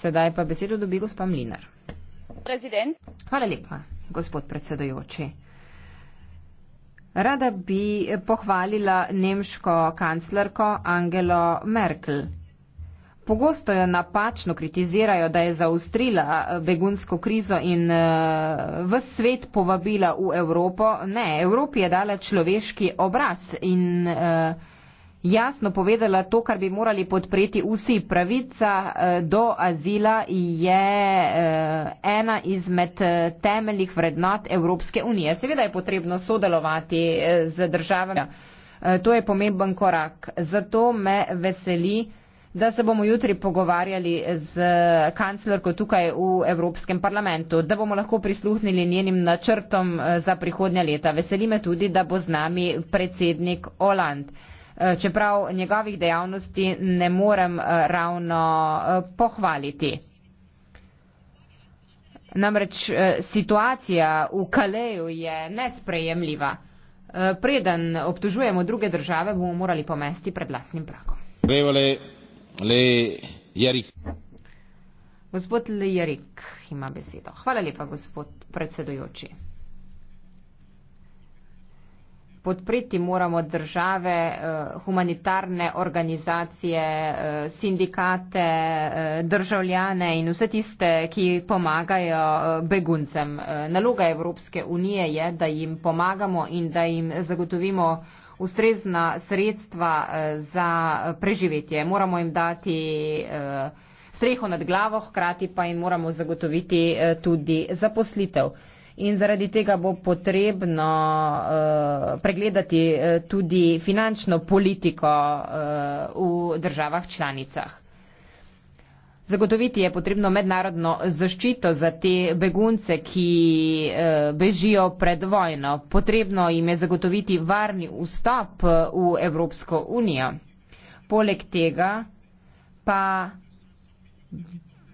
Sedaj pa besedo dobi gospod Mlinar. President. Hvala lepa, gospod predsedojoči. Rada bi pohvalila nemško kanclerko Angelo Merkel. Pogosto jo napačno kritizirajo, da je zaustrila eh, begunsko krizo in eh, v svet povabila v Evropo. Ne, Evropi je dala človeški obraz in uh, jasno povedala to, kar bi morali podpreti vsi. Pravica eh, do azila je eh, ena izmed eh, temeljih vrednot Evropske unije. Seveda je potrebno sodelovati z državami. To je pomemben korak. Zato me veseli, da se bomo jutri pogovarjali z kanclerko tukaj v Evropskem parlamentu, da bomo lahko prisluhnili njenim načrtom za prihodnja leta. Veseli me tudi, da bo z nami predsednik Oland. Eh, čeprav njegovih dejavnosti ne morem eh, ravno eh, pohvaliti. Namreč situacija v Kaleju je nesprejemljiva. Preden obtožujemo druge države, bomo morali pomesti pred lasnim prakom. Gospod Lejerik ima besedo. Hvala lepa, gospod predsedujoči podpreti moramo države, eh, humanitarne organizacije, eh, sindikate, eh, državljane in vse tiste, ki pomagajo beguncem. Naloga Evropske unije je, da jim pomagamo in da jim zagotovimo ustrezna sredstva za preživetje. Moramo jim dati streho nad glavo, hkrati pa jim moramo zagotoviti tudi zaposlitev in zaradi tega bo potrebno eh, pregledati eh, tudi finančno politiko eh, v državah članicah. Zagotoviti je potrebno mednarodno zaščito za te begunce, ki bežijo pred vojno. Potrebno jim je zagotoviti varni vstop v Evropsko unijo. Poleg tega pa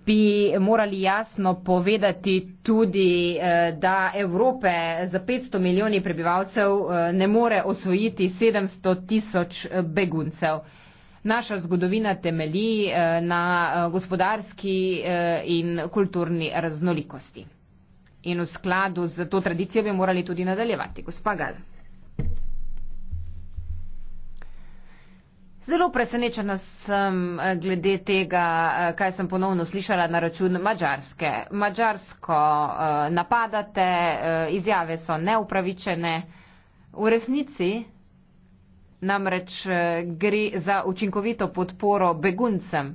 bi morali jasno povedati tudi, eh, da Evrope za 500 milijoni prebivalcev eh, ne more osvojiti 700 tisoč eh, beguncev. Naša zgodovina temelji na gospodarski in kulturni raznolikosti. In v skladu z to tradicijo bi morali tudi nadaljevati. Gospa Gal. Zelo presenečena sem eh, glede tega, eh, kaj sem ponovno slišala na račun Mačarske. Mačarsko eh, napadate, izjave so neupravičene. V resnici namreč gre za učinkovito podporo beguncem.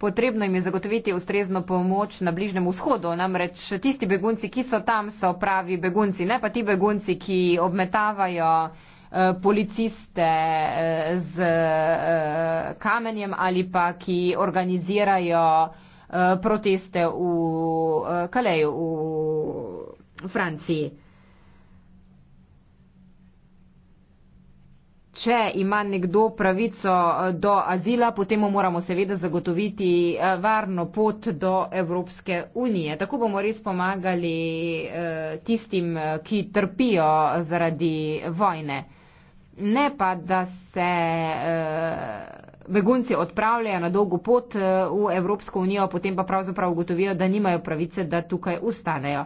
Potrebno jim je zagotoviti ustrezno pomoč na Bližnem vzhodu, namreč tisti begunci, ki so tam, so pravi begunci, ne pa ti begunci, ki obmetavajo. Eh, policiste eh, z eh, kamenjem ali pa ki organizirajo proteste v Kaleju v Franciji. Če ima nekdo pravico do azila, potem mu moramo seveda zagotoviti varno pot do Evropske unije. Tako bomo res pomagali tistim, ki trpijo zaradi vojne ne pa, da se eh, begunci odpravljajo na dolgo pot eh, v Evropsko unijo, potem pa pravzaprav ugotovijo, da nimajo pravice, da tukaj ustanejo.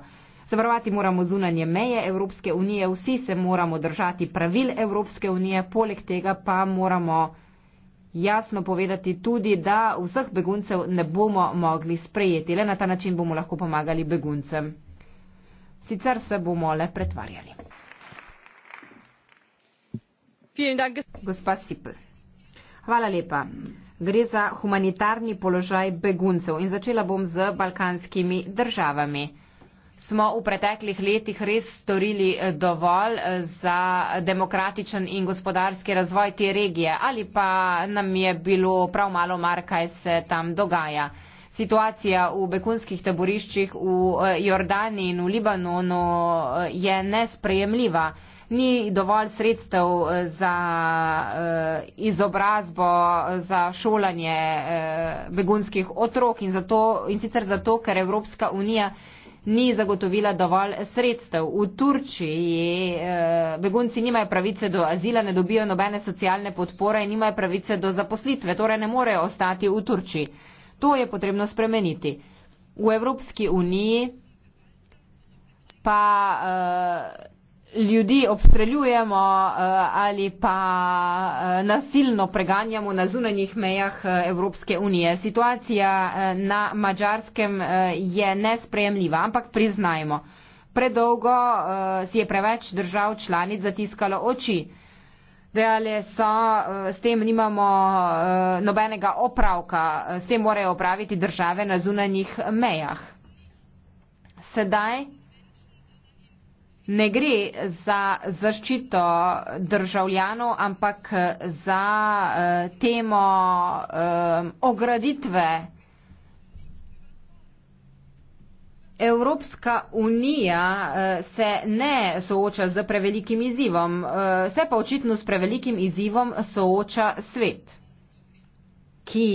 Zavarovati moramo zunanje meje Evropske unije, vsi se moramo držati pravil Evropske unije, poleg tega pa moramo jasno povedati tudi, da vseh beguncev ne bomo mogli sprejeti. Le na ta način bomo lahko pomagali beguncem. Sicer se bomo le pretvarjali. Hvala lepa. Gre za humanitarni položaj beguncev in začela bom z balkanskimi državami. Smo v preteklih letih res storili eh, dovolj eh, za demokratičen in gospodarski razvoj te regije ali pa nam je bilo prav malo mar, kaj se tam dogaja. Situacija v begunskih taboriščih v eh, Jordani in v Libanonu je nesprejemljiva ni dovolj sredstev eh, za eh, izobrazbo, za šolanje eh, begunskih otrok in, zato, in sicer zato, ker Evropska unija ni zagotovila dovolj sredstev. V Turčiji begunci nimajo pravice do azila, ne dobijo nobene socialne podpore in nimajo pravice do zaposlitve, torej ne morejo ostati v Turčiji. To je potrebno spremeniti. V Evropski uniji pa ljudi obstreljujemo eh, ali pa eh, nasilno preganjamo na zunanjih mejah eh, Evropske unije. Situacija na mačarskem je nesprejemljiva, ampak priznajmo, predolgo si je preveč držav članic zatiskalo oči. Dejali so, s tem nimamo nobenega opravka, s tem morajo opraviti države na zunanjih mejah. Sedaj ne gre za zaščito državljanov, ampak za uh, temo um, ograditve. Evropska unija uh, se ne sooča z prevelikim izzivom, uh, se pa očitno s prevelikim izzivom sooča svet, ki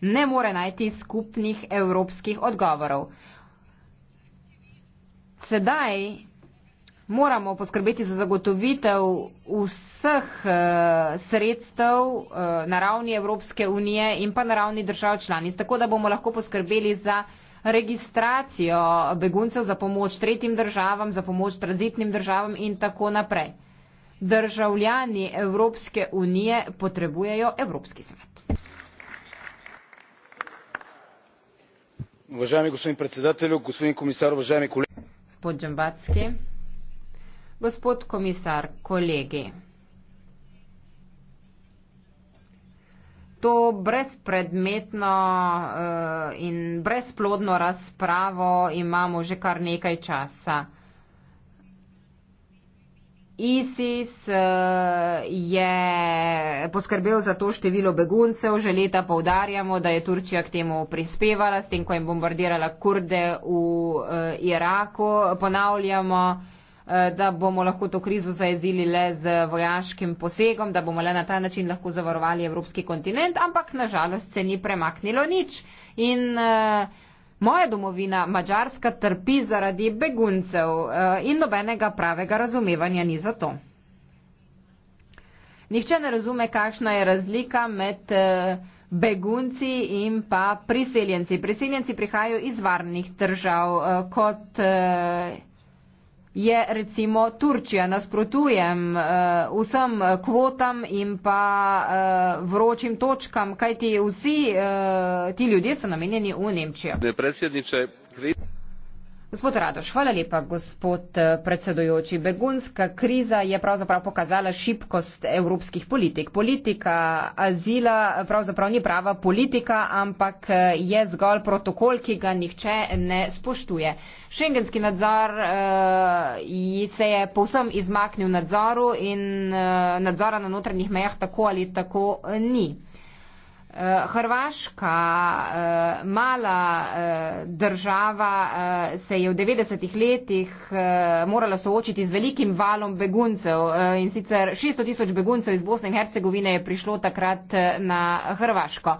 ne more najti skupnih evropskih odgovorov. Sedaj moramo poskrbeti za zagotovitev vseh eh, sredstev eh, na ravni Evropske unije in pa na ravni držav članic, tako da bomo lahko poskrbeli za registracijo beguncev za pomoč tretjim državam, za pomoč tranzitnim državam in tako naprej. Državljani Evropske unije potrebujejo Evropski svet. Uvažajmi gospodin predsedatelj, gospodin komisar, uvažajmi kolegi. Gospod Džambatski gospod komisar, kolegi. To brezpredmetno eh, in brezplodno razpravo imamo že kar nekaj časa. ISIS eh, je poskrbel za to število beguncev, že leta povdarjamo, da je Turčija k temu prispevala, s tem, ko je bombardirala kurde v eh, Iraku. Ponavljamo, Eh, da bomo lahko to krizo zajezili le z vojaškim posegom, da bomo le na ta način lahko zavarovali evropski kontinent, ampak nažalost se ni premaknilo nič. In eh, moja domovina Mačarska trpi zaradi beguncev eh, in nobenega pravega razumevanja ni za to. Nihče ne razume, kakšna je razlika med begunci in pa priseljenci. Priseljenci prihajajo iz varnih držav kot je recimo Turčija. Nasprotujem uh, vsem kvotam in pa uh, vročim točkam, kajti vsi uh, ti ljudje so namenjeni v Nemčijo. Ne, Gospod Radoš, hvala lepa, gospod eh, predsedujoči. Begunska kriza je pravzaprav pokazala šibkost evropskih politik. Politika azila pravzaprav ni prava politika, ampak eh, je zgolj protokol, ki ga nihče ne spoštuje. Šengenski nadzor uh, se je povsem izmaknil nadzoru in uh, nadzora na notranjih mejah tako ali tako ni. Eh, Hrvaška, eh, mala eh, država, se je v 90-ih letih morala soočiti z velikim valom beguncev in sicer 600 tisoč beguncev iz Bosne in Hercegovine je prišlo takrat na Hrvaško.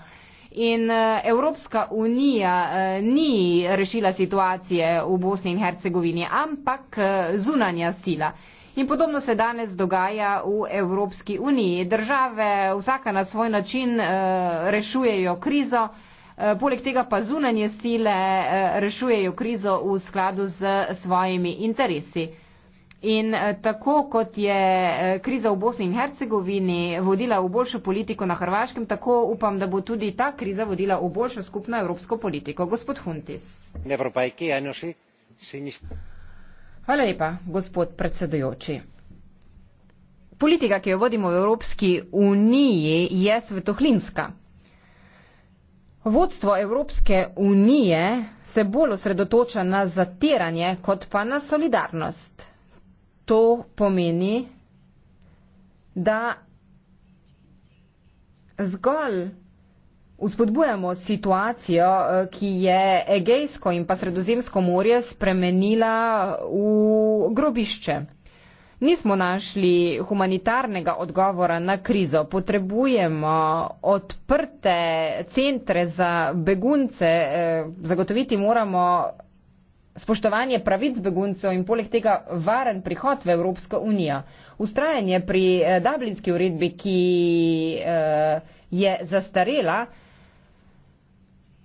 In Evropska unija ni rešila situacije v Bosni in Hercegovini, ampak zunanja sila. In podobno se danes dogaja v Evropski uniji. Države vsaka na svoj način eh, rešujejo krizo, eh, poleg tega pa zunanje sile eh, rešujejo krizo v skladu z svojimi interesi. In tako kot je kriza v Bosni in Hercegovini vodila v boljšo politiko na Hrvaškem, tako upam, da bo tudi ta kriza vodila v boljšo skupno evropsko politiko. Gospod Huntis. Hvala lepa, gospod predsedujoči. Politika, ki jo vodimo v Evropski uniji, je svetohlinska. Vodstvo Evropske unije se bolj osredotoča na zatiranje kot pa na solidarnost. To pomeni, da zgolj Vzpodbujamo situacijo, eh, ki je Egejsko in pa Sredozemsko morje spremenila v grobišče. Nismo našli humanitarnega odgovora na krizo. Potrebujemo odprte centre za begunce. Eh, zagotoviti moramo spoštovanje pravic beguncev in poleg tega varen prihod v Evropsko unijo. Ustrajanje pri eh, Dublinski uredbi, ki je zastarela,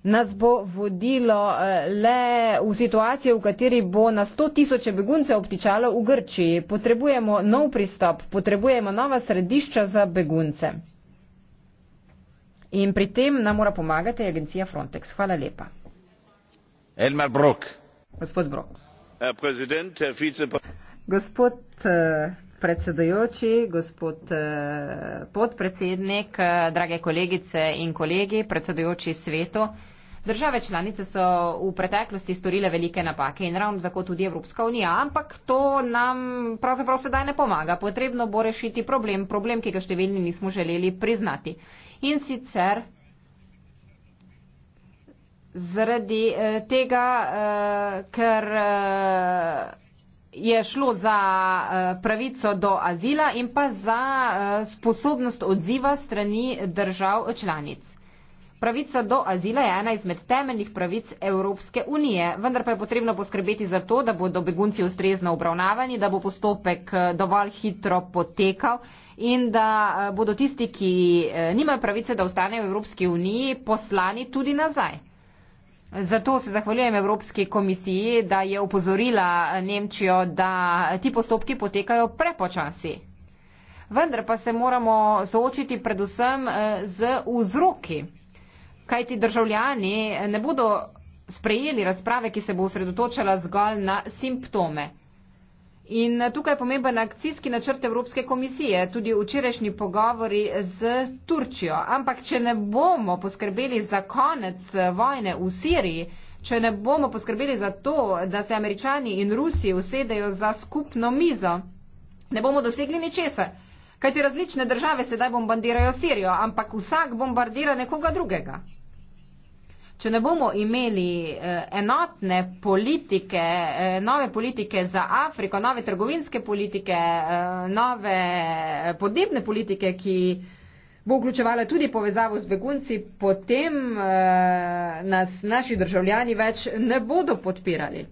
nas bo vodilo eh, le v situacijo, v kateri bo na 100 tisoče beguncev obtičalo v Grčiji. Potrebujemo nov pristop, potrebujemo nova središča za begunce. In pri tem nam mora pomagati agencija Frontex. Hvala lepa. Elmar Brok. Gospod Brok. Gospod eh, predsedujoči, gospod eh, podpredsednik, drage kolegice in kolegi, predsedujoči svetu. Države članice so v preteklosti storile velike napake in ravno tako tudi Evropska unija, ampak to nam pravzaprav sedaj ne pomaga. Potrebno bo rešiti problem, problem, ki ga številni nismo želeli priznati. In sicer zaradi eh, tega, eh, ker. Eh, je šlo za eh, pravico do azila in pa za eh, sposobnost odziva strani držav članic. Pravica do azila je ena izmed temeljnih pravic Evropske unije, vendar pa je potrebno poskrbeti za to, da bodo begunci ustrezno obravnavani, da bo postopek eh, dovolj hitro potekal in da eh, bodo tisti, ki eh, nimajo pravice, da ostanejo v Evropski uniji, poslani tudi nazaj. Zato se zahvaljujem Evropski komisiji, da je upozorila Nemčijo, da ti postopki potekajo prepočasi. Vendar pa se moramo soočiti predvsem z vzroki kajti državljani ne bodo sprejeli razprave, ki se bo osredotočala zgolj na simptome. In tukaj je pomemben akcijski načrt Evropske komisije, tudi včerajšnji pogovori z Turčijo. Ampak, če ne bomo poskrbeli za konec vojne v Siriji, če ne bomo poskrbeli za to, da se američani in Rusi usedejo za skupno mizo, ne bomo dosegli ničesar. Kajti različne države sedaj bombardirajo Sirijo, ampak vsak bombardira nekoga drugega. Če ne bomo imeli eh, enotne politike, eh, nove politike za Afriko, nove trgovinske politike, eh, nove podnebne politike, ki bo vključevala tudi povezavo z begunci, potem nas naši državljani več ne bodo podpirali.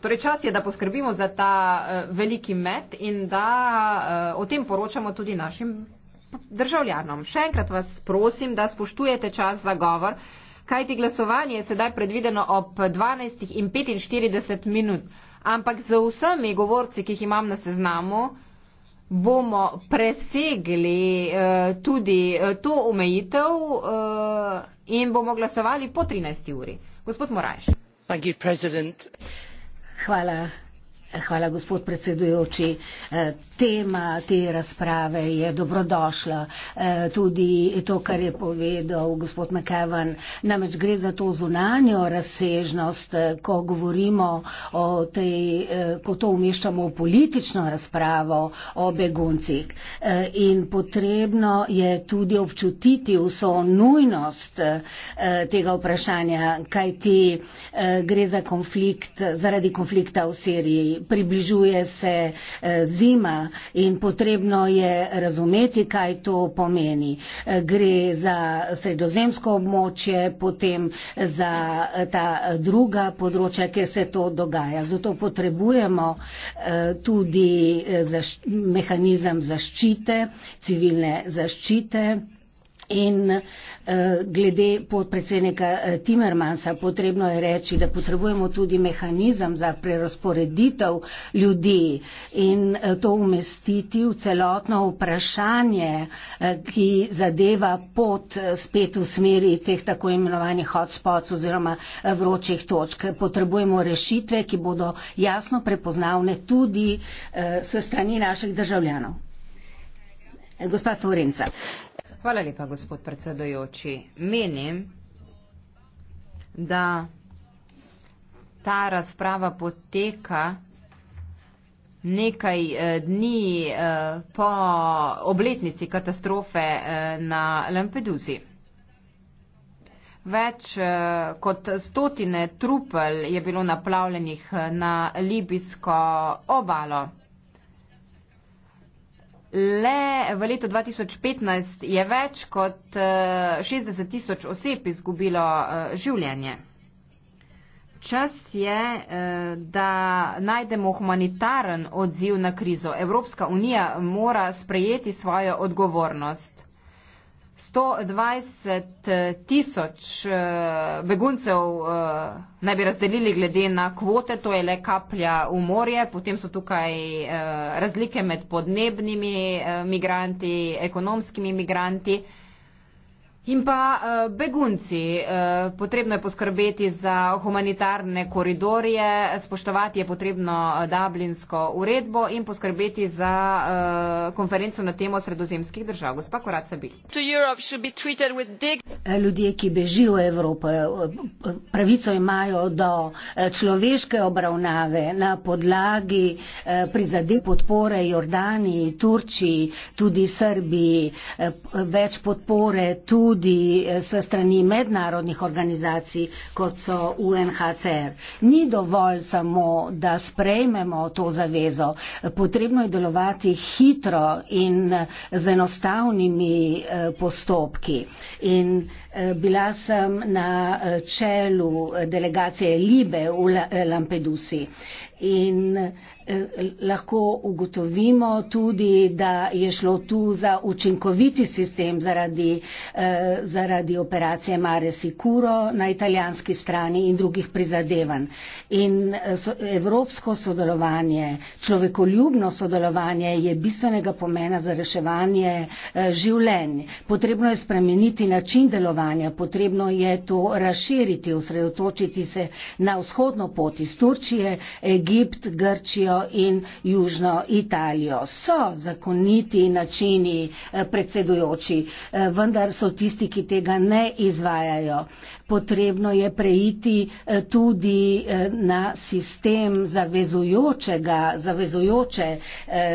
Torej čas je, da poskrbimo za ta uh, veliki met in da uh, o tem poročamo tudi našim državljanom. Še enkrat vas prosim, da spoštujete čas za govor, kajti glasovanje je sedaj predvideno ob 12.45 minut. Ampak z vsemi govorci, ki jih imam na seznamu, bomo presegli uh, tudi uh, to omejitev uh, in bomo glasovali po 13. uri. Gospod Morajš. Thank you, President. Hvala. Hvala, gospod predsedujoči. Eh, tema te razprave je dobrodošla. Eh, tudi to, kar je povedal gospod McEwan, namreč gre za to zunanjo razsežnost, eh, ko govorimo o tej, ko to umeščamo v politično razpravo o beguncih. In potrebno je tudi občutiti vso nujnost tega vprašanja, kaj ti gre za konflikt, zaradi konflikta v Siriji približuje se eh, zima in potrebno je razumeti, kaj to pomeni. Eh, gre za sredozemsko območje, potem za eh, ta druga področja, kjer se to dogaja. Zato potrebujemo tudi zaš mehanizem zaščite, civilne zaščite in eh, glede podpredsednika eh, Timmermansa potrebno je reči, da potrebujemo tudi mehanizem za prerasporeditev ljudi in eh, to umestiti v celotno vprašanje, ki zadeva pot spet v smeri teh tako imenovanih hotspots oziroma vročih točk. Potrebujemo rešitve, ki bodo jasno prepoznavne tudi s strani naših državljanov. Gospa Torenca. Hvala lepa, gospod predsedojoči. Menim, da ta razprava poteka nekaj eh, dni eh, po obletnici katastrofe eh, na Lampeduzi. Več kot stotine trupel je bilo naplavljenih na libijsko obalo. Le v letu 2015 je več kot 60 eh, tisoč oseb izgubilo eh, življenje. Čas je, eh, da najdemo humanitaren odziv na krizo. Evropska unija mora sprejeti svojo odgovornost. 120 eh, tisoč eh, beguncev eh, naj bi razdelili glede na kvote, to je le kaplja v morje, potem so tukaj razlike med podnebnimi migranti, ekonomskimi migranti. In pa eh, begunci, eh, potrebno je poskrbeti za humanitarne koridorje, spoštovati je potrebno eh, Dublinsko uredbo in poskrbeti za konferenco na temo sredozemskih držav. Gospa Koraca Bil. Ljudje, ki bežijo v Evropo, pravico imajo do človeške obravnave na podlagi prizade podpore Jordani, Turčiji, tudi Srbiji, več podpore tudi tudi eh, s strani mednarodnih organizacij, kot so UNHCR. Ni dovolj samo, da sprejmemo to zavezo. Potrebno je delovati hitro in z enostavnimi eh, postopki. In eh, bila sem na čelu delegacije Libe v Lampedusi. In Eh, lahko ugotovimo tudi, da je šlo tu za učinkoviti sistem zaradi, eh, zaradi operacije Mare Sicuro na italijanski strani in drugih prizadevanj. In eh, evropsko sodelovanje, človekoljubno sodelovanje je bistvenega pomena za reševanje življenj. Potrebno je spremeniti način delovanja, potrebno je to razširiti, osredotočiti se na vzhodno pot iz Turčije, Egipt, Grčijo in Južno Italijo. So zakoniti načini eh, predsedujoči, eh, vendar so tisti, ki tega ne izvajajo. Potrebno je preiti eh, tudi na sistem zavezujočega, zavezujoče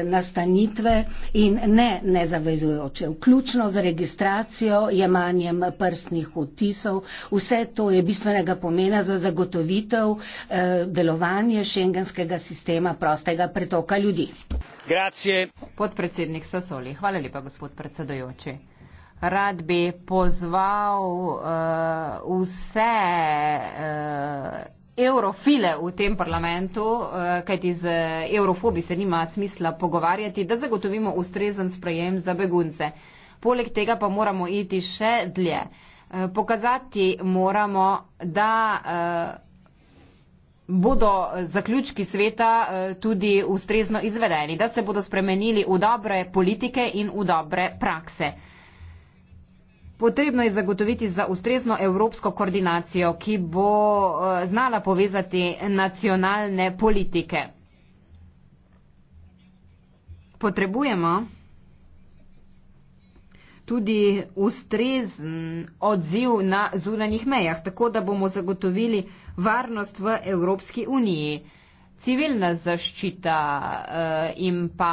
nastanitve in ne nezavezujoče. Vključno z registracijo, jemanjem prstnih odtisov, vse to je bistvenega pomena za zagotovitev delovanja šengenskega sistema prostega pretoka ljudi. Grazie. Podpredsednik Sasoli, hvala lepa gospod predsedojoči. Rad bi pozval uh, vse uh, eurofile v tem parlamentu, uh, kajti z eurofobi se nima smisla pogovarjati, da zagotovimo ustrezen sprejem za begunce. Poleg tega pa moramo iti še dlje. Uh, pokazati moramo, da. Uh, bodo eh, zaključki sveta eh, tudi ustrezno izvedeni, da se bodo spremenili v dobre politike in v dobre prakse. Potrebno je zagotoviti za ustrezno evropsko koordinacijo, ki bo eh, znala povezati nacionalne politike. Potrebujemo tudi ustrezen odziv na zunanjih mejah, tako da bomo zagotovili varnost v Evropski uniji. Civilna zaščita eh, in pa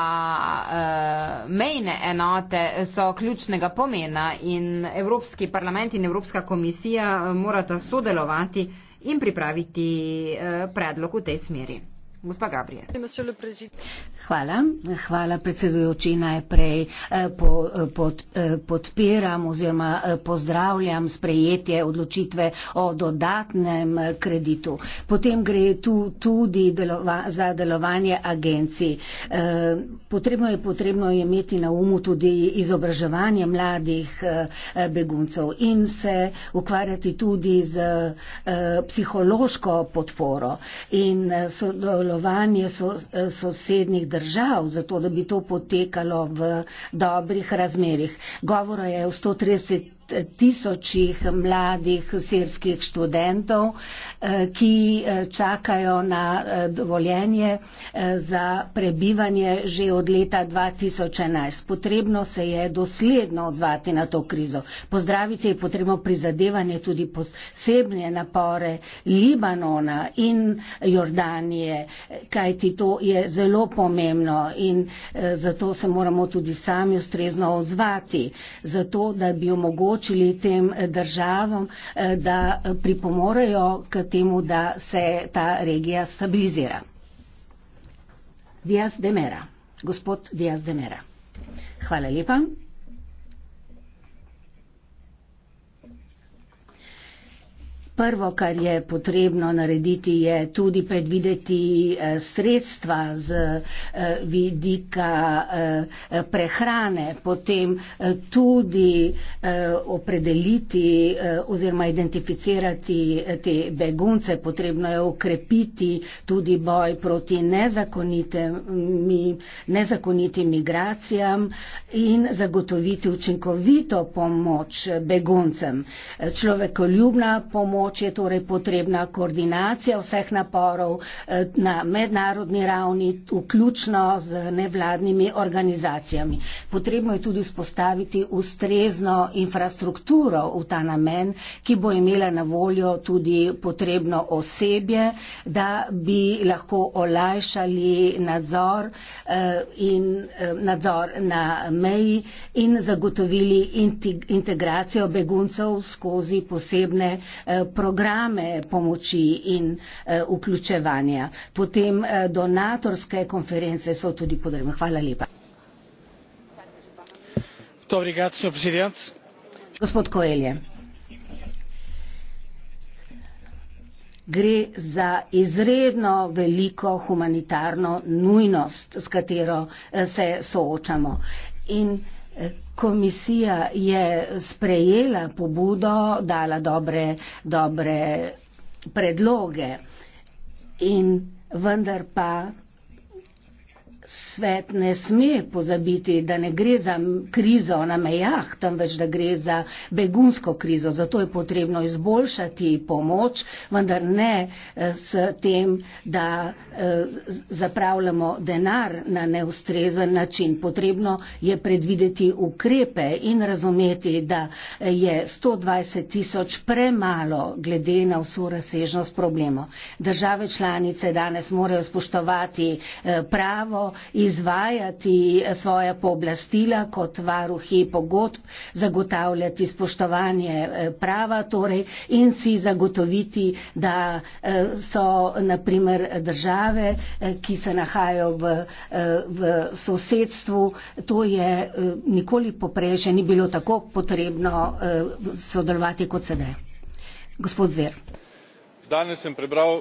eh, mejne enote so ključnega pomena in Evropski parlament in Evropska komisija morata sodelovati in pripraviti eh, predlog v tej smeri. Hvala predsedujoči najprej. Eh, eh, pod, eh, podpiram oziroma pozdravljam sprejetje odločitve o dodatnem kreditu. Potem gre tu tudi delova, za delovanje agencij. Potrebno je, potrebno je imeti na umu tudi izobraževanje mladih beguncev in se ukvarjati tudi z psihološko podporo in sodelovanje sodelovanje so, eh, sosednih držav, zato da bi to potekalo v dobrih razmerih. Govora je o 130 tisočih mladih sirskih študentov, eh, ki eh, čakajo na eh, dovoljenje za prebivanje že od leta 2011. Potrebno se je dosledno odzvati na to krizo. Pozdraviti je potrebno prizadevanje tudi posebne napore Libanona in Jordanije, kajti to je zelo pomembno in zato se moramo tudi sami ustrezno odzvati, zato da bi omogočili sporočili tem eh, državam, eh, da eh, pripomorejo k temu, da se ta regija stabilizira. Diaz de Mera. Gospod Diaz de Mera. Hvala lepa. Prvo, kar je potrebno narediti, je tudi predvideti eh, sredstva z eh, vidika eh, prehrane, potem tudi opredeliti oziroma identificirati te begunce, potrebno je ukrepiti tudi boj proti nezakonitim migracijam in zagotoviti učinkovito pomoč beguncem. Človekoljubna pomoč pomoč je torej potrebna koordinacija vseh naporov eh, na mednarodni ravni, vključno z nevladnimi organizacijami. Potrebno je tudi spostaviti ustrezno infrastrukturo v ta namen, ki bo imela na voljo tudi potrebno osebje, da bi lahko olajšali nadzor, eh, in, eh, nadzor na meji in zagotovili integracijo beguncev skozi posebne programe pomoči in eh, vključevanja. Potem eh, donatorske konference so tudi podrejene. Hvala lepa. Gospod Koelje. Gre za izredno veliko humanitarno nujnost, s katero eh, se soočamo. In Komisija je sprejela pobudo, dala dobre, dobre predloge in vendar pa Svet ne sme pozabiti, da ne gre za krizo na mejah, temveč da gre za begunsko krizo. Zato je potrebno izboljšati pomoč, vendar ne eh, s tem, da eh, zapravljamo denar na neustrezen način. Potrebno je predvideti ukrepe in razumeti, da eh, je 120 tisoč premalo glede na vso razsežnost problema. Države članice danes morajo spoštovati pravo, izvajati svoje pooblastila kot varuhi pogodb, zagotavljati spoštovanje eh, prava torej, in si zagotoviti, da eh, so naprimer države, eh, ki se nahajajo v, v sosedstvu, to je nikoli poprej še ni bilo tako potrebno sodelovati kot sedaj. Gospod Zver. Danes sem prebral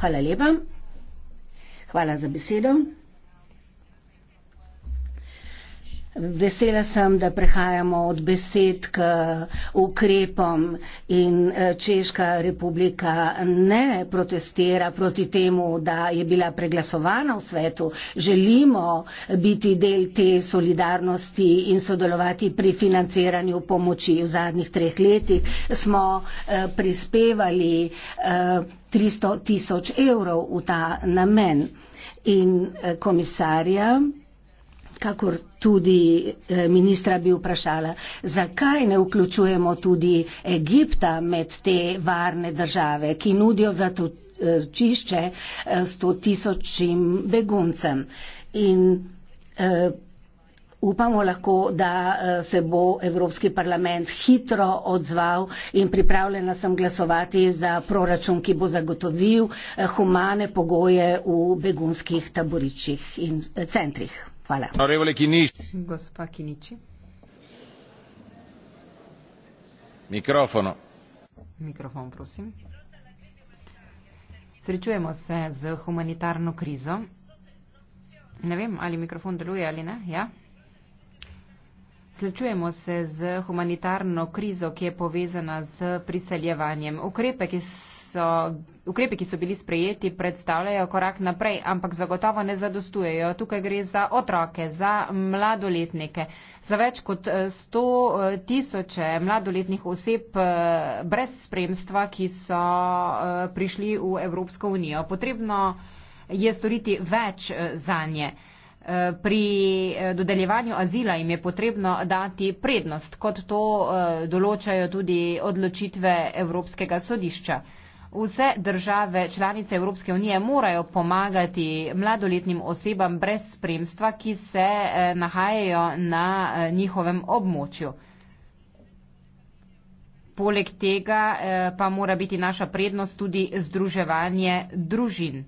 Hvala lepa. Hvala za besedo. Vesela sem, da prehajamo od besed k ukrepom in eh, Češka republika ne protestira proti temu, da je bila preglasovana v svetu. Želimo biti del te solidarnosti in sodelovati pri financiranju pomoči. V zadnjih treh letih smo eh, prispevali 300 eh, tisoč evrov v ta namen. In komisarja kakor tudi eh, ministra bi vprašala, zakaj ne vključujemo tudi Egipta med te varne države, ki nudijo za to eh, čišče eh, sto tisočim beguncem. In upamo lahko, da se bo Evropski parlament hitro odzval in pripravljena sem glasovati za proračun, ki bo zagotovil humane pogoje v begunskih taboričih in centrih. Hvala. Gospa Kiniči. Mikrofono. Mikrofon, prosim. Srečujemo se z humanitarno krizo. Ne vem, ali mikrofon deluje ali ne. Ja? Srečujemo se z humanitarno krizo, ki je povezana z priseljevanjem. Ukrepe, ki so so, ukrepi, ki so bili sprejeti, predstavljajo korak naprej, ampak zagotovo ne zadostujejo. Tukaj gre za otroke, za mladoletnike, za več kot 100 eh, eh, tisoče mladoletnih oseb eh, brez spremstva, ki so prišli v Evropsko unijo. Potrebno je storiti več za nje. Pri dodeljevanju azila jim je potrebno dati prednost, kot to določajo tudi odločitve Evropskega sodišča vse države članice Evropske unije morajo pomagati mladoletnim osebam brez spremstva, ki se eh, nahajajo na eh, njihovem območju. Poleg tega eh, pa mora biti naša prednost tudi združevanje družin.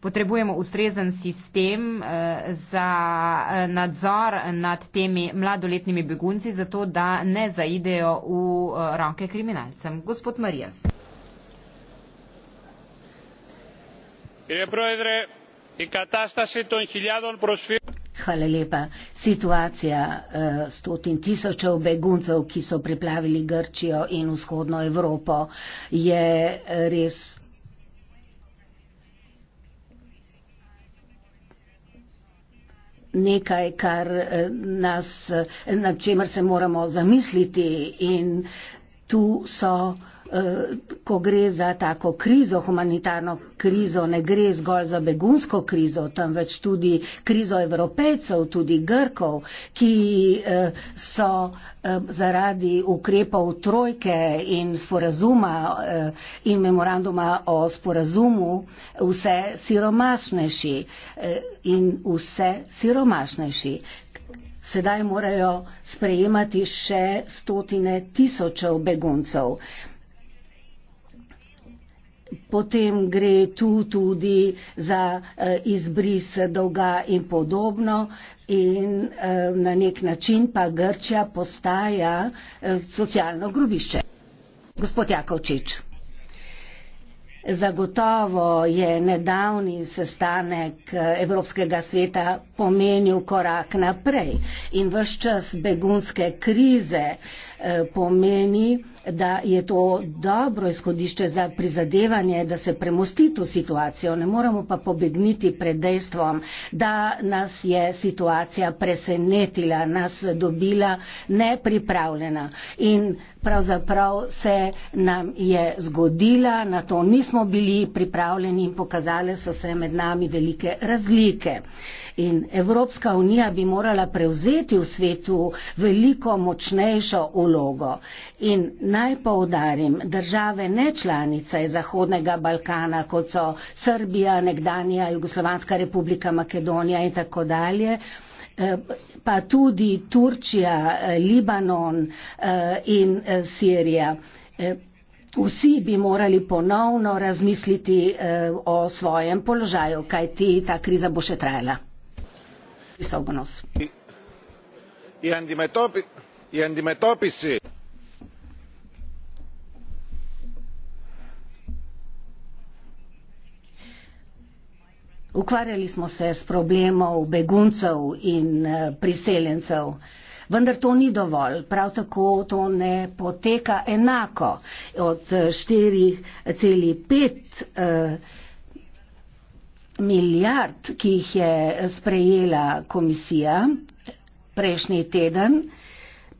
Potrebujemo ustrezen sistem za nadzor nad temi mladoletnimi begunci, zato da ne zaidejo v roke kriminalcem. Gospod Marijas. Hvala lepa. Situacija eh, stotin tisočev beguncev, ki so preplavili Grčijo in vzhodno Evropo, je eh, res. nekaj, kar eh, nas, nad čemer se moramo zamisliti in tu so Eh, ko gre za tako krizo, humanitarno krizo, ne gre zgolj za begunsko krizo, temveč tudi krizo evropejcev, tudi grkov, ki eh, so eh, zaradi ukrepov trojke in sporazuma in memoranduma o sporazumu vse siromašnejši in vse siromašnejši. Sedaj morajo sprejemati še stotine tisočev beguncev. Potem gre tu tudi za eh, izbris dolga in podobno in eh, na nek način pa Grčija postaja eh, socialno grubišče. Gospod Jakovčič, zagotovo je nedavni sestanek eh, Evropskega sveta pomenil korak naprej in vse čas begunske krize eh, Eh, pomeni, da je to dobro izhodišče za prizadevanje, da se premosti to situacijo. Ne moramo pa pobegniti pred dejstvom, da nas je situacija presenetila, nas dobila nepripravljena in pravzaprav se nam je zgodila, na to nismo bili pripravljeni in pokazale so se med nami velike razlike. Uh, in Evropska unija bi morala prevzeti v svetu veliko močnejšo ulogo. In naj poudarim, države nečlanice Zahodnega Balkana, kot so Srbija, nekdanja Jugoslovanska republika Makedonija in tako dalje, eh, pa tudi Turčija, eh, Libanon eh, in Sirija. Vsi bi morali ponovno razmisliti o svojem položaju, kaj ti ta kriza bo še trajala visokgonos ukvarjali smo se s problemom beguncev in eh, priseljencev vendar to ni dovolj prav tako to ne poteka enako od eh, štiri pet eh, milijard, ki jih je sprejela komisija prejšnji teden,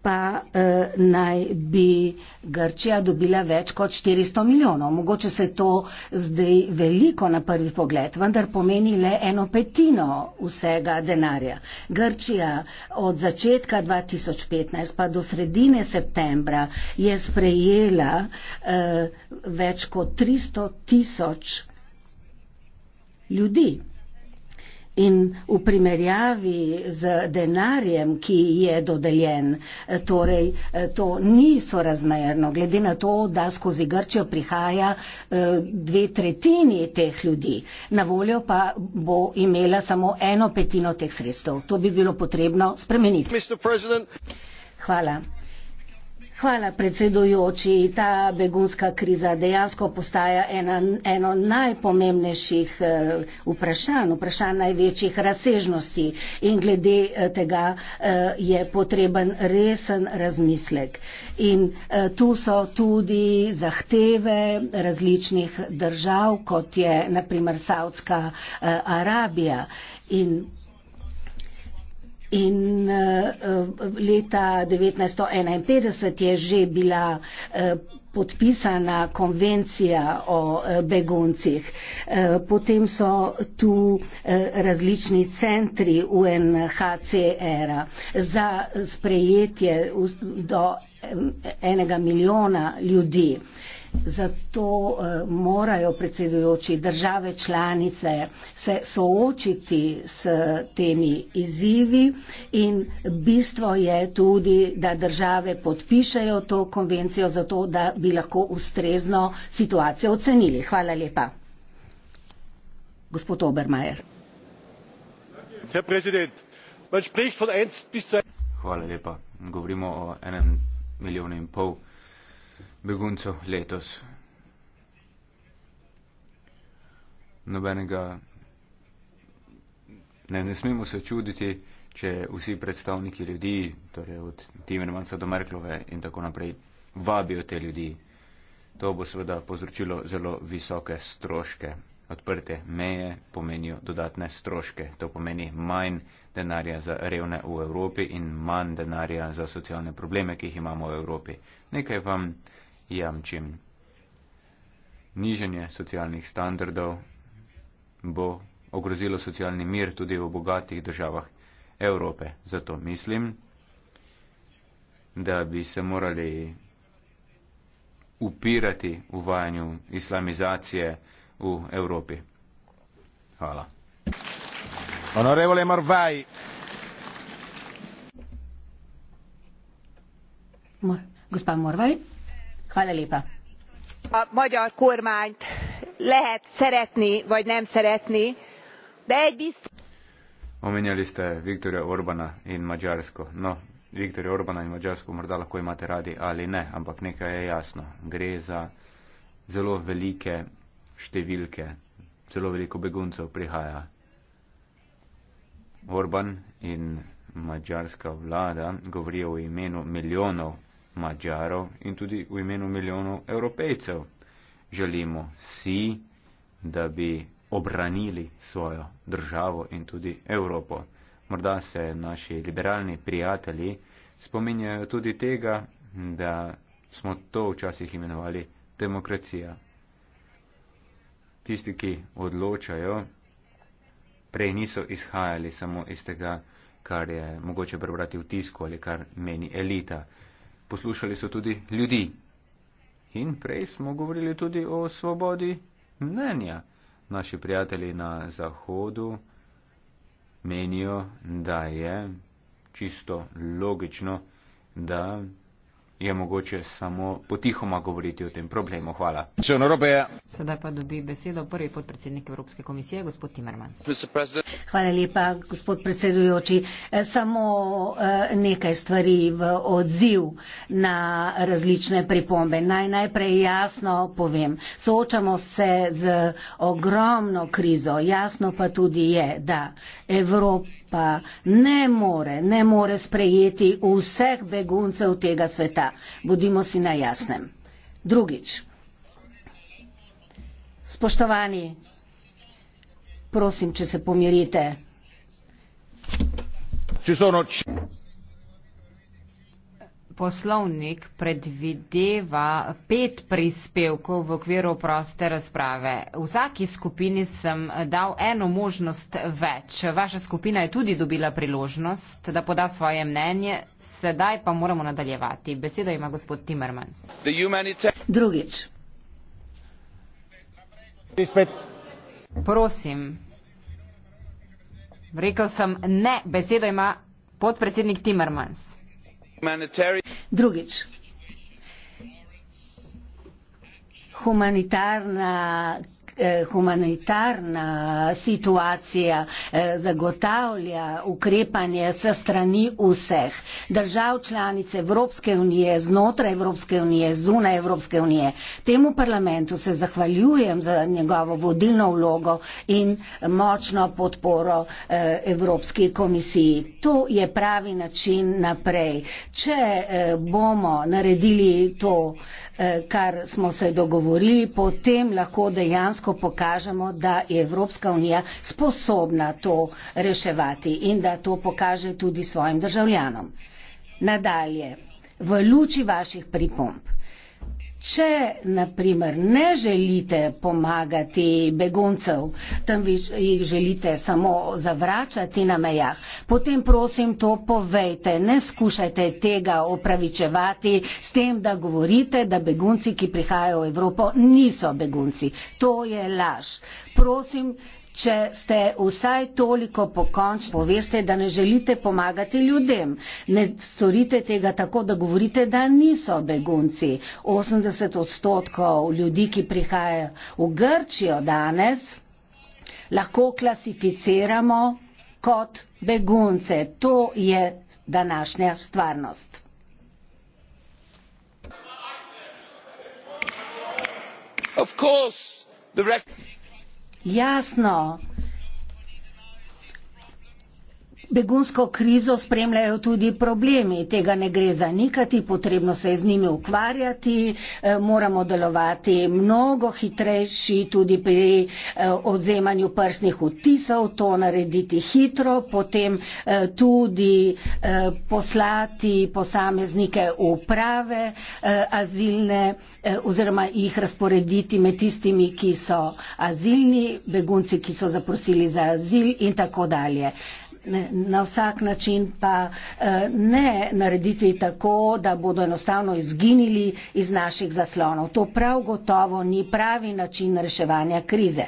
pa eh, naj bi Grčija dobila več kot 400 milijonov. Mogoče se to zdaj veliko na prvi pogled, vendar pomeni le eno petino vsega denarja. Grčija od začetka 2015 pa do sredine septembra je sprejela eh, več kot 300 tisoč ljudi. In v primerjavi z denarjem, ki je dodeljen, eh, torej eh, to ni sorazmerno, glede na to, da skozi Grčijo prihaja eh, dve tretjini teh ljudi, na voljo pa bo imela samo eno petino teh sredstev. To bi bilo potrebno spremeniti. Hvala. Hvala, predsedujoči. Ta begunska kriza dejansko postaja ena, eno najpomembnejših eh, vprašanj, vprašanj največjih razsežnosti in glede eh, tega eh, je potreben resen razmislek. In tu so tudi zahteve različnih držav, kot je naprimer Saudska Arabija. In In eh, eh, leta 1951 je že bila eh, podpisana konvencija o beguncih. Potem so tu različni centri UNHCR e za sprejetje do enega milijona ljudi. Zato uh, morajo predsedujoči države članice se soočiti s temi izzivi in bistvo je tudi, da države podpišajo to konvencijo, zato da bi lahko ustrezno situacijo ocenili. Hvala lepa. Gospod Obermajer. Hvala lepa. Govorimo o enem milijonu in pol beguncev letos. Nobenega ne, ne smemo se čuditi, če vsi predstavniki ljudi, torej od Timenovanca do Merklove in tako naprej, vabijo te ljudi. To bo seveda povzročilo zelo visoke stroške. Odprte meje pomenijo dodatne stroške. To pomeni manj denarja za revne v Evropi in manj denarja za socialne probleme, ki jih imamo v Evropi. Nekaj vam jamčim. Niženje socialnih standardov bo ogrozilo socialni mir tudi v bogatih državah Evrope. Zato mislim, da bi se morali upirati uvajanju islamizacije v Evropi. Hvala. Honorevole Marvaj. Gospa Morvaj a magyar kormányt lehet szeretni vagy nem szeretni de egy biztos. omenjali ste viktorja orbana in mađarsko no viktorja orbana in mađarsko morda lahko imate radi ali ne ampak nekaj je jasno gre za zelo velike številke zelo veliko beguncev prihaja orban in mađarska vlada govorijo o imenu milijonov Mačarov in tudi v imenu milijonov evropejcev želimo si, da bi obranili svojo državo in tudi Evropo. Morda se naši liberalni prijatelji spominjajo tudi tega, da smo to včasih imenovali demokracija. Tisti, ki odločajo, prej niso izhajali samo iz tega, kar je mogoče prebrati v tisku ali kar meni elita poslušali so tudi ljudi. In prej smo govorili tudi o svobodi mnenja. Naši prijatelji na Zahodu menijo, da je čisto logično, da je mogoče samo potihoma govoriti o tem problemu. Hvala. Sedaj pa dobi besedo prvi podpredsednik Evropske komisije, gospod Timmermans. Hvala lepa, gospod predsedujoči. Eh, samo eh, nekaj stvari v odziv na različne pripombe. Naj najprej jasno povem. Soočamo se z ogromno krizo. Jasno pa tudi je, da Evropa pa ne more, ne more sprejeti vseh beguncev tega sveta. Budimo si na jasnem. Drugič. Spoštovani, prosim, če se pomirite. Ci sono poslovnik predvideva pet prispevkov v okviru proste razprave. Vsaki skupini sem dal eno možnost več. Vaša skupina je tudi dobila priložnost, da poda svoje mnenje. Sedaj pa moramo nadaljevati. Besedo ima gospod Timmermans. Drugič. Prosim. Rekel sem ne, besedo ima podpredsednik Timmermans drugič humanitarna Eh, humanitarna situacija eh, zagotavlja ukrepanje se strani vseh držav članic Evropske unije, znotraj Evropske unije, zunaj Evropske unije. Temu parlamentu se zahvaljujem za njegovo vodilno vlogo in močno podporo eh, Evropski komisiji. To je pravi način naprej. Če bomo naredili to, Eh, kar smo se dogovorili, potem lahko dejansko pokažemo, da je Evropska unija sposobna to reševati in da to pokaže tudi svojim državljanom. Nadalje, v luči vaših pripomp Če, na primer, ne želite pomagati beguncev, temveč jih želite samo zavračati na mejah, potem prosim to povejte. Ne skušajte tega opravičevati s tem, da govorite, da begunci, ki prihajajo v Evropo, niso begunci. To je laž. Prosim, če ste vsaj toliko pokončni, poveste, da ne želite pomagati ljudem. Ne storite tega tako, da govorite, da niso begunci. 80 odstotkov ljudi, ki prihajajo v Grčijo danes, lahko klasificiramo kot begunce. To je današnja stvarnost. Of course, the rest jasno Begunsko krizo spremljajo tudi problemi, tega ne gre zanikati, potrebno se je z njimi ukvarjati, eh, moramo delovati mnogo hitrejši tudi pri eh, odzemanju prstnih odtisov, to narediti hitro, potem eh, tudi poslati posameznike uprave azilne oziroma jih razporediti med tistimi, ki so azilni, begunci, ki so zaprosili za azil in tako dalje na vsak način pa eh, ne narediti tako, da bodo enostavno izginili iz naših zaslonov. To prav gotovo ni pravi način reševanja krize.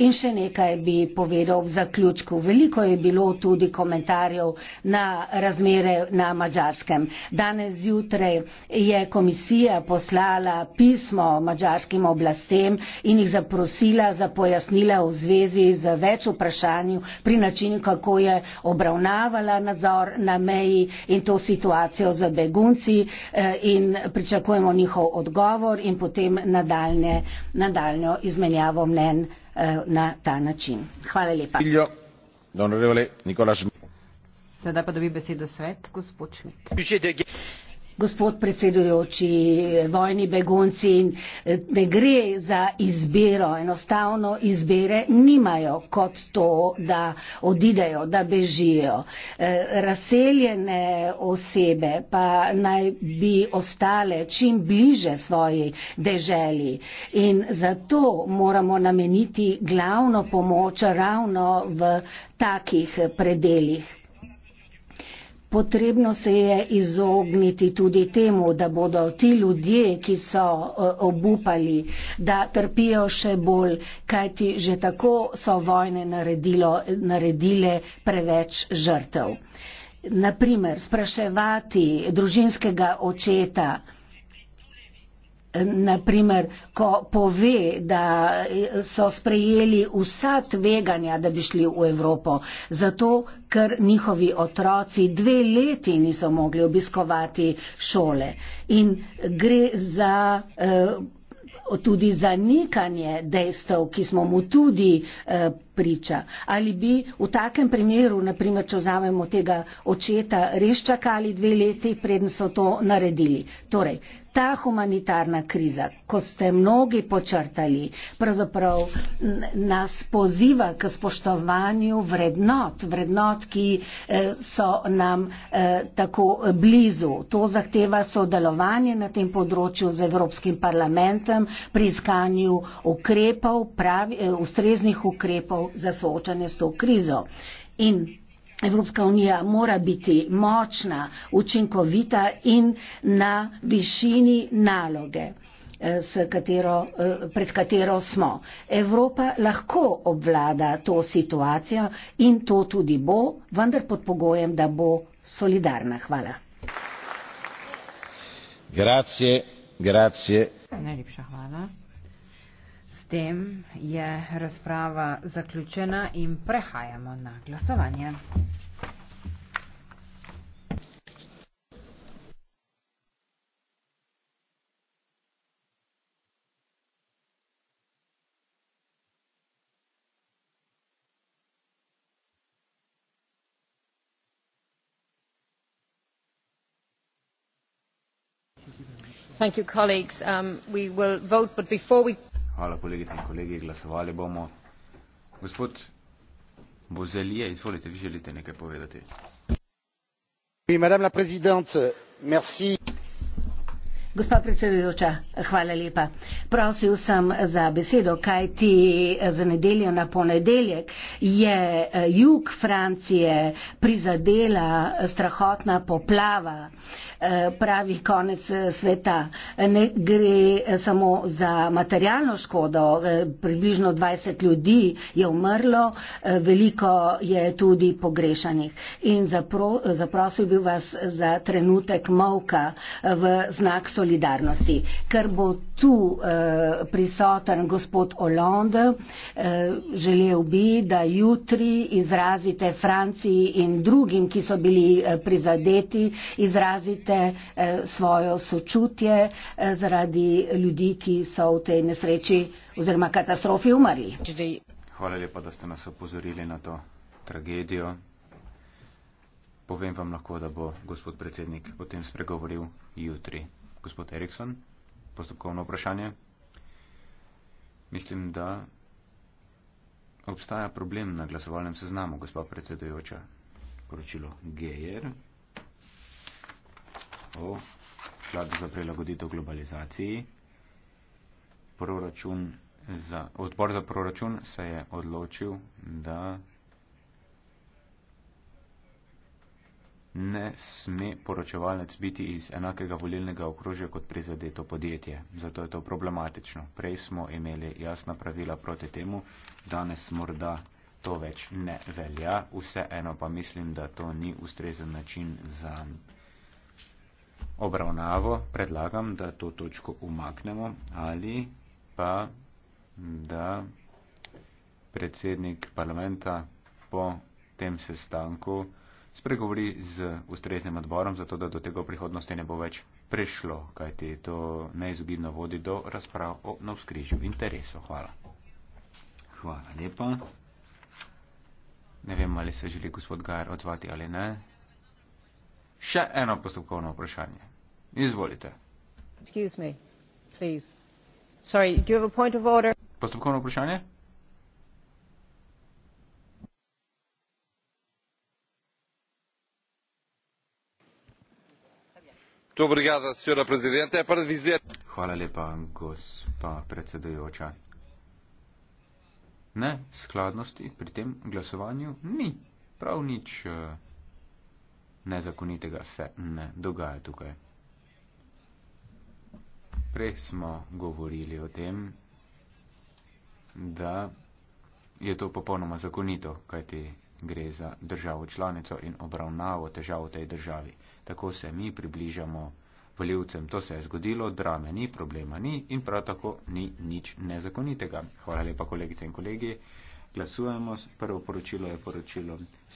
In še nekaj bi povedal v zaključku. Veliko je bilo tudi komentarjev na razmere na mačarskem. Danes zjutraj je komisija poslala pismo mačarskim oblastem in jih zaprosila za pojasnila v zvezi z več vprašanjem pri načinu, kako je obravnavala nadzor na meji in to situacijo za begunci eh, in pričakujemo njihov odgovor in potem nadaljne, nadaljno izmenjavo mnen. Eh, na ta način. Hvala lepa. Sedaj pa dobi besedo svet, gospod Šmit gospod predsedujoči, vojni begunci in eh, ne gre za izbiro, enostavno izbire nimajo kot to, da odidejo, da bežijo. Eh, razseljene osebe pa naj bi ostale čim bliže svoji deželi in zato moramo nameniti glavno pomoč ravno v takih predeljih. Potrebno se je izogniti tudi temu, da bodo ti ljudje, ki so e, obupali, da trpijo še bolj, kajti že tako so vojne naredilo, naredile preveč žrtev. Naprimer, spraševati družinskega očeta, naprimer, ko pove, da so sprejeli vsa tveganja, da bi šli v Evropo, zato ker njihovi otroci dve leti niso mogli obiskovati šole. In gre za. Eh, tudi zanikanje dejstev, ki smo mu tudi eh, priča. Ali bi v takem primeru, naprimer, če vzamemo tega očeta, res čakali dve leti, preden so to naredili. Torej, ta humanitarna kriza, kot ste mnogi počrtali, pravzaprav nas poziva k spoštovanju vrednot, vrednot, ki eh, so nam eh, tako blizu. To zahteva sodelovanje na tem področju z Evropskim parlamentom pri iskanju ukrepov, pravi, eh, ustreznih ukrepov, ukrepov za soočanje s to krizo. In Evropska unija mora biti močna, učinkovita in na višini naloge, eh, katero, eh, pred katero smo. Evropa lahko obvlada to situacijo in to tudi bo, vendar pod pogojem, da bo solidarna. Hvala. Grazie, grazie. Najlepša hvala tem je razprava zaključena in prehajamo na glasovanje. Thank you, colleagues. Um, we will vote, but before we Hvala, kolegice in kolegi, glasovali bomo. Gospod Bozelije, izvolite, vi želite nekaj povedati. Oui, madame la présidente, merci. Gospa predsedujoča, hvala lepa. Prosil sem za besedo, kaj ti za nedeljo na ponedeljek je eh, jug Francije prizadela eh, strahotna poplava eh, pravih konec sveta. Ne gre samo za materialno škodo, približno 20 ljudi je umrlo, veliko je tudi pogrešanih. In zapro, zaprosil bi vas za trenutek mavka v znak so solidarnosti, ker bo tu eh, prisoten gospod Hollande. Eh, želel bi, da jutri izrazite Franciji in drugim, ki so bili eh, prizadeti, izrazite eh, svojo sočutje eh, zaradi ljudi, ki so v tej nesreči oziroma katastrofi umrli. Hvala lepa, da ste nas opozorili na to tragedijo. Povem vam lahko, da bo gospod predsednik o tem spregovoril jutri gospod Erikson, postopkovno vprašanje. Mislim, da obstaja problem na glasovalnem seznamu, gospa predsedujoča. Poročilo Gejer o skladu za prilagoditev globalizaciji. Za, odbor za proračun se je odločil, da ne sme poročevalec biti iz enakega volilnega okrožja kot prizadeto podjetje. Zato je to problematično. Prej smo imeli jasna pravila proti temu, danes morda to več ne velja. Vseeno pa mislim, da to ni ustrezen način za obravnavo. Predlagam, da to točko umaknemo ali pa da predsednik parlamenta po tem sestanku spregovori z ustreznim odborom, zato da do tega v prihodnosti ne bo več prišlo, kajti to neizogibno vodi do razprav o navskrižju interesov. Hvala. Hvala lepa. Ne vem, ali se želi gospod Gajer odzvati ali ne. Še eno postopkovno vprašanje. Izvolite. Postopkovno vprašanje? hvala lepa gospa predsedujoča ne skladnosti pri tem glasovanju ni prav nič eh, nezakonitega se ne dogaja tukaj prej smo govorili o tem da je to popolnoma zakonito kajti gre za državo članico in obravnavo težav v tej državi. Tako se mi približamo voljivcem. To se je zgodilo, drame ni, problema ni in prav tako ni nič nezakonitega. Hvala lepa, kolegice in kolegi. Glasujemo. Prvo poročilo je poročilo